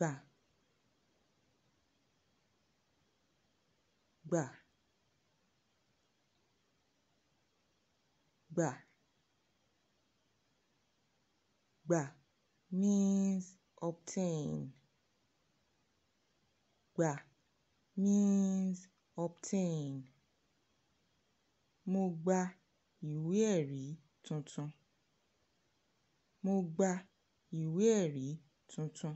gbà, gbà, gbà. Gbà means obtain. Gbà means obtain. Mo gba ìwé ẹ̀rí tuntun. Mo gba ìwé ẹ̀rí tuntun.